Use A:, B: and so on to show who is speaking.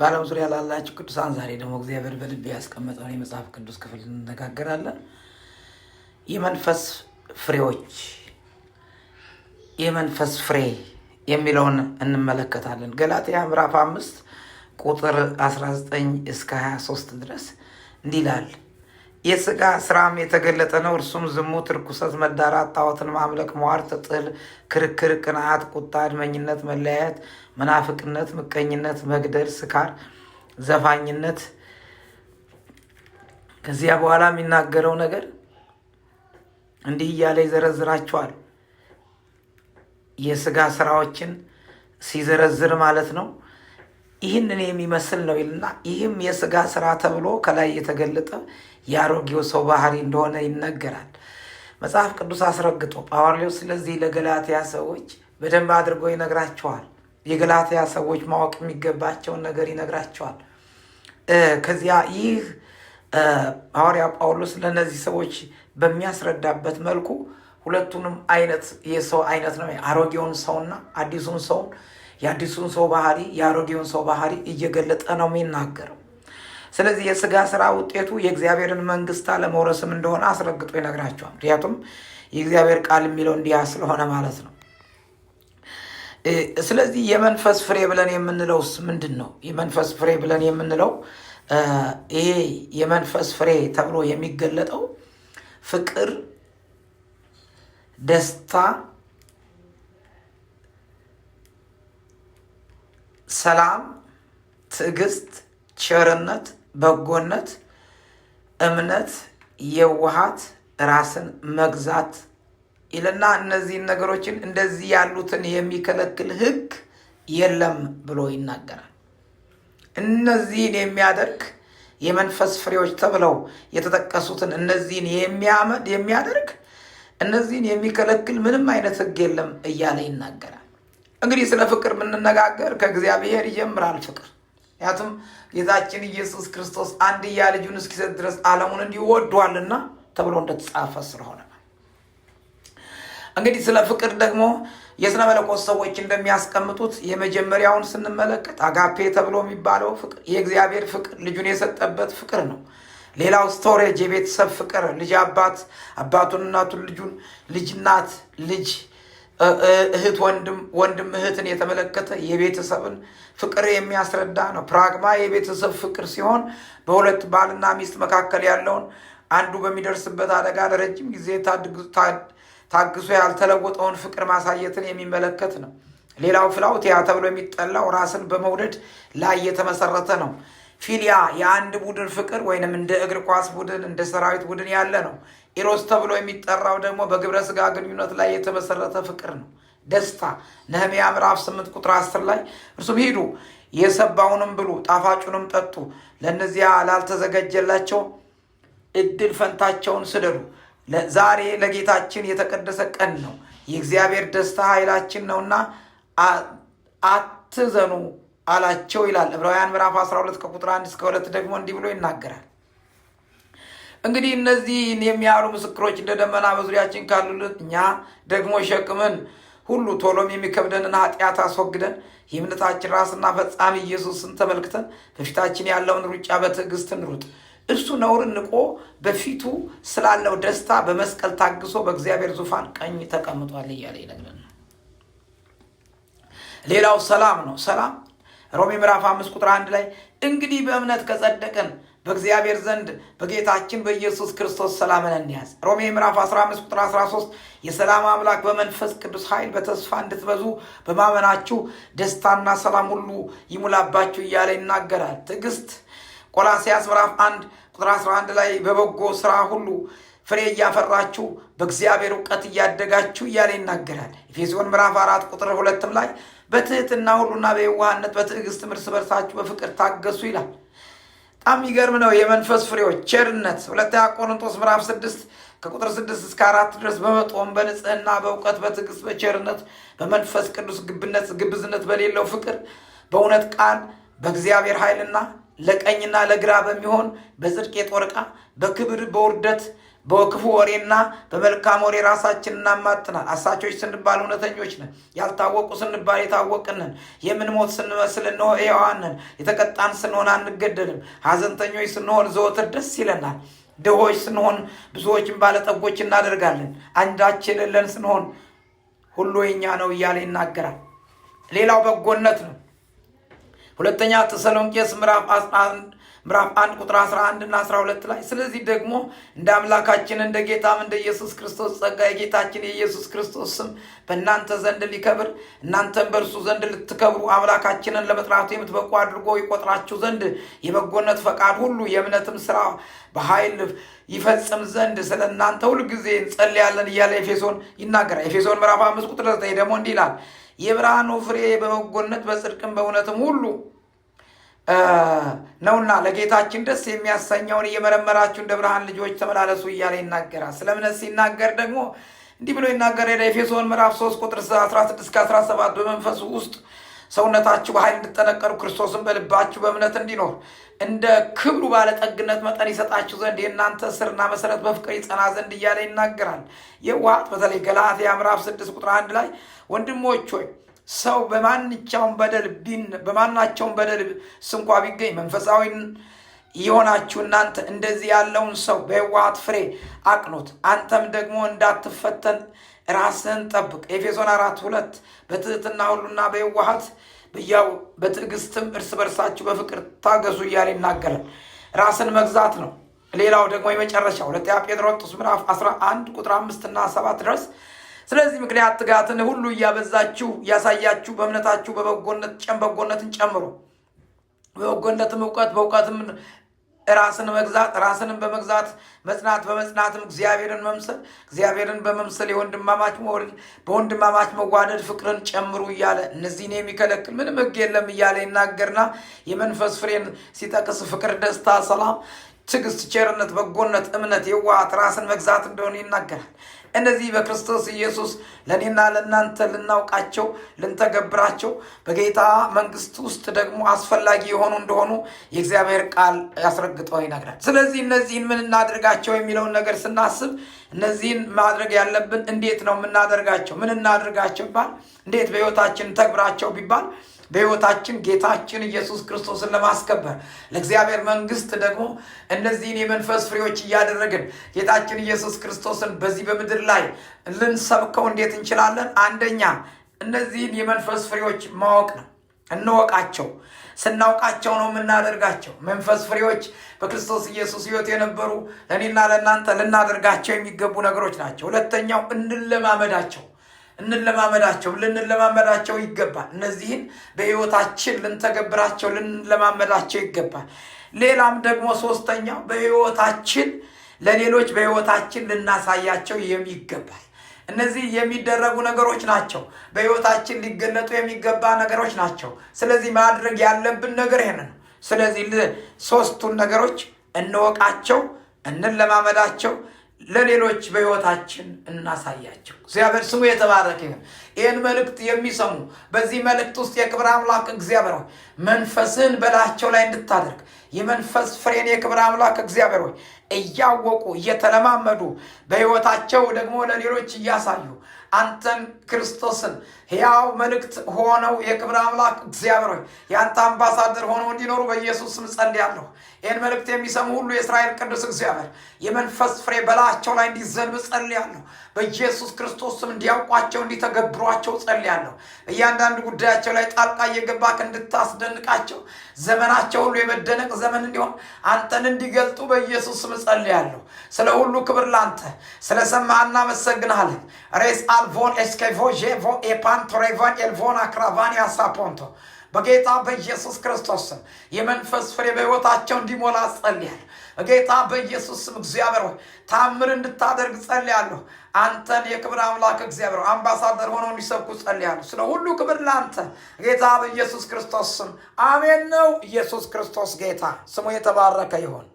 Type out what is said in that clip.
A: በዓለም ዙሪያ ላላችሁ ቅዱሳን ዛሬ ደግሞ እግዚአብሔር በልብ ያስቀመጠውን የመጽሐፍ ቅዱስ ክፍል እንነጋገራለን። የመንፈስ ፍሬዎች፣ የመንፈስ ፍሬ የሚለውን እንመለከታለን። ገላትያ ምዕራፍ አምስት ቁጥር 19 እስከ 23 ድረስ እንዲህ ይላል የስጋ ስራም የተገለጠ ነው። እርሱም ዝሙት፣ ርኩሰት፣ መዳራት፣ ጣዖትን ማምለክ፣ ሟርት፣ ጥል፣ ክርክር፣ ቅንዓት፣ ቁጣ፣ እድመኝነት፣ መለያየት፣ መናፍቅነት፣ ምቀኝነት፣ መግደል፣ ስካር፣ ዘፋኝነት። ከዚያ በኋላ የሚናገረው ነገር እንዲህ እያለ ይዘረዝራቸዋል። የስጋ ስራዎችን ሲዘረዝር ማለት ነው ይህንን የሚመስል ነው ይልና ይህም የስጋ ስራ ተብሎ ከላይ የተገለጠ የአሮጌው ሰው ባህሪ እንደሆነ ይነገራል። መጽሐፍ ቅዱስ አስረግጦ ጳውሎስ ስለዚህ ለገላትያ ሰዎች በደንብ አድርጎ ይነግራቸዋል። የገላትያ ሰዎች ማወቅ የሚገባቸውን ነገር ይነግራቸዋል። ከዚያ ይህ ሐዋርያ ጳውሎስ ለእነዚህ ሰዎች በሚያስረዳበት መልኩ ሁለቱንም አይነት የሰው አይነት ነው፣ አሮጌውን ሰውና አዲሱን ሰውን የአዲሱን ሰው ባህሪ፣ የአሮጌውን ሰው ባህሪ እየገለጠ ነው የሚናገረው። ስለዚህ የስጋ ስራ ውጤቱ የእግዚአብሔርን መንግስት አለመውረስም እንደሆነ አስረግጦ ይነግራቸዋል። ምክንያቱም የእግዚአብሔር ቃል የሚለው እንዲያ ስለሆነ ማለት ነው። ስለዚህ የመንፈስ ፍሬ ብለን የምንለውስ ምንድን ነው? የመንፈስ ፍሬ ብለን የምንለው ይሄ የመንፈስ ፍሬ ተብሎ የሚገለጠው ፍቅር፣ ደስታ ሰላም፣ ትዕግስት፣ ቸርነት፣ በጎነት፣ እምነት፣ የውሃት፣ ራስን መግዛት ይልና እነዚህን ነገሮችን እንደዚህ ያሉትን የሚከለክል ሕግ የለም ብሎ ይናገራል። እነዚህን የሚያደርግ የመንፈስ ፍሬዎች ተብለው የተጠቀሱትን እነዚህን የሚያመድ የሚያደርግ እነዚህን የሚከለክል ምንም አይነት ሕግ የለም እያለ ይናገራል። እንግዲህ ስለ ፍቅር የምንነጋገር ከእግዚአብሔር ይጀምራል ፍቅር። ምክንያቱም ጌታችን ኢየሱስ ክርስቶስ አንድያ ልጁን እስኪሰጥ ድረስ ዓለሙን እንዲወዷልና ተብሎ እንደተጻፈ ስለሆነ እንግዲህ ስለ ፍቅር ደግሞ የስነ መለኮት ሰዎች እንደሚያስቀምጡት የመጀመሪያውን ስንመለከት አጋፔ ተብሎ የሚባለው ፍቅር የእግዚአብሔር ፍቅር ልጁን የሰጠበት ፍቅር ነው። ሌላው ስቶሬጅ የቤተሰብ ፍቅር፣ ልጅ አባት አባቱን እናቱን፣ ልጁን ልጅ እናት፣ ልጅ እህት ወንድም ወንድም እህትን የተመለከተ የቤተሰብን ፍቅር የሚያስረዳ ነው። ፕራግማ የቤተሰብ ፍቅር ሲሆን በሁለት ባልና ሚስት መካከል ያለውን አንዱ በሚደርስበት አደጋ ለረጅም ጊዜ ታግሶ ያልተለወጠውን ፍቅር ማሳየትን የሚመለከት ነው። ሌላው ፍላውቲያ ተብሎ የሚጠላው ራስን በመውደድ ላይ የተመሰረተ ነው። ፊሊያ የአንድ ቡድን ፍቅር ወይንም እንደ እግር ኳስ ቡድን እንደ ሰራዊት ቡድን ያለ ነው። ኢሮስ ተብሎ የሚጠራው ደግሞ በግብረ ስጋ ግንኙነት ላይ የተመሰረተ ፍቅር ነው። ደስታ ነህሚያ ምዕራፍ 8 ቁጥር 10 ላይ እርሱም ሂዱ የሰባውንም ብሉ ጣፋጩንም ጠጡ፣ ለእነዚያ ላልተዘጋጀላቸው እድል ፈንታቸውን ስደዱ። ዛሬ ለጌታችን የተቀደሰ ቀን ነው። የእግዚአብሔር ደስታ ኃይላችን ነውና አትዘኑ አላቸው ይላል ዕብራውያን ምዕራፍ 12 ከቁጥር 1 እስከ 2 ደግሞ እንዲህ ብሎ ይናገራል። እንግዲህ እነዚህን የሚያሉ ምስክሮች እንደ ደመና በዙሪያችን ካሉልን እኛ ደግሞ ሸክምን ሁሉ ቶሎም የሚከብደንን ኃጢአት አስወግደን የእምነታችን ራስና ፈጻሚ ኢየሱስን ተመልክተን በፊታችን ያለውን ሩጫ በትዕግስት እንሩጥ። እርሱ ነውርን ንቆ በፊቱ ስላለው ደስታ በመስቀል ታግሶ በእግዚአብሔር ዙፋን ቀኝ ተቀምጧል እያለ ይነግረን። ሌላው ሰላም ነው። ሰላም ሮሜ ምዕራፍ 5 ቁጥር 1 ላይ እንግዲህ በእምነት ከጸደቅን በእግዚአብሔር ዘንድ በጌታችን በኢየሱስ ክርስቶስ ሰላምን እንያዝ። ሮሜ ምዕራፍ 15 ቁጥር 13 የሰላም አምላክ በመንፈስ ቅዱስ ኃይል በተስፋ እንድትበዙ በማመናችሁ ደስታና ሰላም ሁሉ ይሙላባችሁ እያለ ይናገራል። ትዕግስት ቆላሲያስ ምዕራፍ 1 ቁጥር 11 ላይ በበጎ ስራ ሁሉ ፍሬ እያፈራችሁ በእግዚአብሔር እውቀት እያደጋችሁ እያለ ይናገራል። ኤፌሶን ምዕራፍ 4 ቁጥር ሁለትም ላይ በትህትና ሁሉና በየዋህነት በትዕግስትም እርስ በርሳችሁ በፍቅር ታገሱ ይላል። በጣም የሚገርም ነው። የመንፈስ ፍሬዎች ቸርነት፣ ሁለተኛ ቆሮንቶስ ምዕራፍ ስድስት ከቁጥር ስድስት እስከ አራት ድረስ በመጦም በንጽህና በእውቀት በትዕግስት በቸርነት በመንፈስ ቅዱስ ግብነት ግብዝነት በሌለው ፍቅር በእውነት ቃል በእግዚአብሔር ኃይልና ለቀኝና ለግራ በሚሆን በጽድቅ የጦር ዕቃ በክብር በውርደት በክፉ ወሬና በመልካም ወሬ ራሳችን እናማትናል። አሳቾች ስንባል እውነተኞች ነን። ያልታወቁ ስንባል የታወቅንን። ነን። የምንሞት ስንመስል እንሆ ሕያዋን የተቀጣን ስንሆን አንገደልም። ሐዘንተኞች ስንሆን ዘወትር ደስ ይለናል። ድሆች ስንሆን ብዙዎችን ባለጠጎች እናደርጋለን። አንዳች የሌለን ስንሆን ሁሉ የኛ ነው እያለ ይናገራል። ሌላው በጎነት ነው። ሁለተኛ ተሰሎንቄስ ምዕራፍ ምዕራፍ 1 ቁጥር 11 እና 12 ላይ ስለዚህ ደግሞ እንደ አምላካችን እንደ ጌታም እንደ ኢየሱስ ክርስቶስ ጸጋ የጌታችን የኢየሱስ ክርስቶስ ስም በእናንተ ዘንድ ሊከብር እናንተም በእርሱ ዘንድ ልትከብሩ አምላካችንን ለመጥራቱ የምትበቁ አድርጎ ይቆጥራችሁ ዘንድ የበጎነት ፈቃድ ሁሉ የእምነትም ስራ በኃይል ይፈጽም ዘንድ ስለ እናንተ ሁልጊዜ እንጸልያለን እያለ ኤፌሶን ይናገራል። ኤፌሶን ምዕራፍ 5 ቁጥር 9 ደግሞ እንዲህ ይላል የብርሃኑ ፍሬ በበጎነት በጽድቅም በእውነትም ሁሉ ነውና ለጌታችን ደስ የሚያሰኘውን እየመረመራችሁ እንደ ብርሃን ልጆች ተመላለሱ እያለ ይናገራል። ስለ እምነት ሲናገር ደግሞ እንዲህ ብሎ ይናገር ኤፌሶን ምዕራፍ 3 ቁጥር 16 17 በመንፈሱ ውስጥ ሰውነታችሁ በኃይል እንድጠነቀሩ ክርስቶስን በልባችሁ በእምነት እንዲኖር እንደ ክብሩ ባለጠግነት መጠን ይሰጣችሁ ዘንድ የእናንተ ስርና መሰረት በፍቅር ይጸና ዘንድ እያለ ይናገራል። የዋሃት በተለይ ገላትያ ምዕራፍ 6 ቁጥር 1 ላይ ወንድሞች ሆይ ሰው በማንቻውን በደል በማናቸውን በደል ስንኳ ቢገኝ መንፈሳዊ የሆናችሁ እናንተ እንደዚህ ያለውን ሰው በህወሀት ፍሬ አቅኑት፣ አንተም ደግሞ እንዳትፈተን ራስህን ጠብቅ። ኤፌሶን አራት ሁለት በትህትና ሁሉና በህወሀት ብያው በትዕግስትም እርስ በርሳችሁ በፍቅር ታገዙ እያለ ይናገራል። ራስን መግዛት ነው። ሌላው ደግሞ የመጨረሻ ሁለተኛ ጴጥሮስ ምዕራፍ 11 ቁጥር አምስትና ሰባት 7 ድረስ ስለዚህ ምክንያት ትጋትን ሁሉ እያበዛችሁ እያሳያችሁ በእምነታችሁ በበጎነት በጎነትን ጨምሩ። በበጎነትም እውቀት፣ በእውቀትም ራስን መግዛት፣ ራስንም በመግዛት መጽናት፣ በመጽናትም እግዚአብሔርን መምሰል፣ እግዚአብሔርን በመምሰል የወንድማማች መውደድ፣ በወንድማማች መዋደድ ፍቅርን ጨምሩ እያለ እነዚህን የሚከለክል ምንም ሕግ የለም እያለ ይናገርና የመንፈስ ፍሬን ሲጠቅስ ፍቅር፣ ደስታ፣ ሰላም ትዕግስት፣ ቸርነት፣ በጎነት፣ እምነት፣ የዋት ራስን መግዛት እንደሆነ ይናገራል። እነዚህ በክርስቶስ ኢየሱስ ለእኔና ለእናንተ ልናውቃቸው ልንተገብራቸው በጌታ መንግስት ውስጥ ደግሞ አስፈላጊ የሆኑ እንደሆኑ የእግዚአብሔር ቃል ያስረግጠው ይነግራል። ስለዚህ እነዚህን ምን እናድርጋቸው የሚለውን ነገር ስናስብ እነዚህን ማድረግ ያለብን እንዴት ነው የምናደርጋቸው? ምን እናድርጋቸው ይባል እንዴት በህይወታችን ተግብራቸው ቢባል በህይወታችን ጌታችን ኢየሱስ ክርስቶስን ለማስከበር ለእግዚአብሔር መንግስት ደግሞ እነዚህን የመንፈስ ፍሬዎች እያደረግን ጌታችን ኢየሱስ ክርስቶስን በዚህ በምድር ላይ ልንሰብከው እንዴት እንችላለን? አንደኛ እነዚህን የመንፈስ ፍሬዎች ማወቅ ነው። እንወቃቸው። ስናውቃቸው ነው የምናደርጋቸው። መንፈስ ፍሬዎች በክርስቶስ ኢየሱስ ሕይወት የነበሩ ለእኔና ለእናንተ ልናደርጋቸው የሚገቡ ነገሮች ናቸው። ሁለተኛው እንለማመዳቸው እንለማመዳቸው ልንለማመዳቸው ይገባል። እነዚህን በሕይወታችን ልንተገብራቸው ልንለማመዳቸው ይገባል። ሌላም ደግሞ ሶስተኛው በሕይወታችን ለሌሎች በሕይወታችን ልናሳያቸው የሚገባል። እነዚህ የሚደረጉ ነገሮች ናቸው። በሕይወታችን ሊገለጡ የሚገባ ነገሮች ናቸው። ስለዚህ ማድረግ ያለብን ነገር ይህን ነው። ስለዚህ ሶስቱን ነገሮች እንወቃቸው፣ እንለማመዳቸው፣ ለሌሎች በሕይወታችን እናሳያቸው። እግዚአብሔር ስሙ የተባረከ ይሁን። ይህን መልእክት የሚሰሙ በዚህ መልእክት ውስጥ የክብር አምላክ እግዚአብሔር ሆይ መንፈስህን በላያቸው ላይ እንድታደርግ የመንፈስ ፍሬን የክብር አምላክ እግዚአብሔር ሆይ እያወቁ እየተለማመዱ በሕይወታቸው ደግሞ ለሌሎች እያሳዩ አንተን ክርስቶስን ሕያው መልእክት ሆነው የክብር አምላክ እግዚአብሔር ሆይ የአንተ አምባሳደር ሆነው እንዲኖሩ በኢየሱስ ስም ጸልያለሁ። ይህን መልእክት የሚሰሙ ሁሉ የእስራኤል ቅዱስ እግዚአብሔር የመንፈስ ፍሬ በላያቸው ላይ እንዲዘንብ ጸልያለሁ። በኢየሱስ ክርስቶስ ስም እንዲያውቋቸው እንዲተገብሯቸው ጸልያለሁ። እያንዳንዱ ጉዳያቸው ላይ ጣልቃ እየገባክ እንድታስደንቃቸው ዘመናቸው ሁሉ የመደነቅ ዘመን እንዲሆን አንተን እንዲገልጡ በኢየሱስ ስም ጸልያለሁ። ስለ ሁሉ ክብር ላንተ ስለሰማ እናመሰግናለን ሬስ አልቮን ኤስኬቮ ዤቮ ኤፓን ቶሬቫን ኤልቮን አክራቫን ያሳፖንቶ በጌታ በኢየሱስ ክርስቶስ ስም የመንፈስ ፍሬ በሕይወታቸው እንዲሞላ ጸልያለሁ። በጌታ በኢየሱስ ስም እግዚአብሔር ሆይ ታምር እንድታደርግ ጸልያለሁ። አንተን የክብር አምላክ እግዚአብሔር አምባሳደር ሆነው እንዲሰብኩ ጸልያለሁ። ስለ ሁሉ ክብር ለአንተ ጌታ በኢየሱስ ክርስቶስ ስም አሜን። ነው ኢየሱስ ክርስቶስ ጌታ ስሙ የተባረከ ይሆን።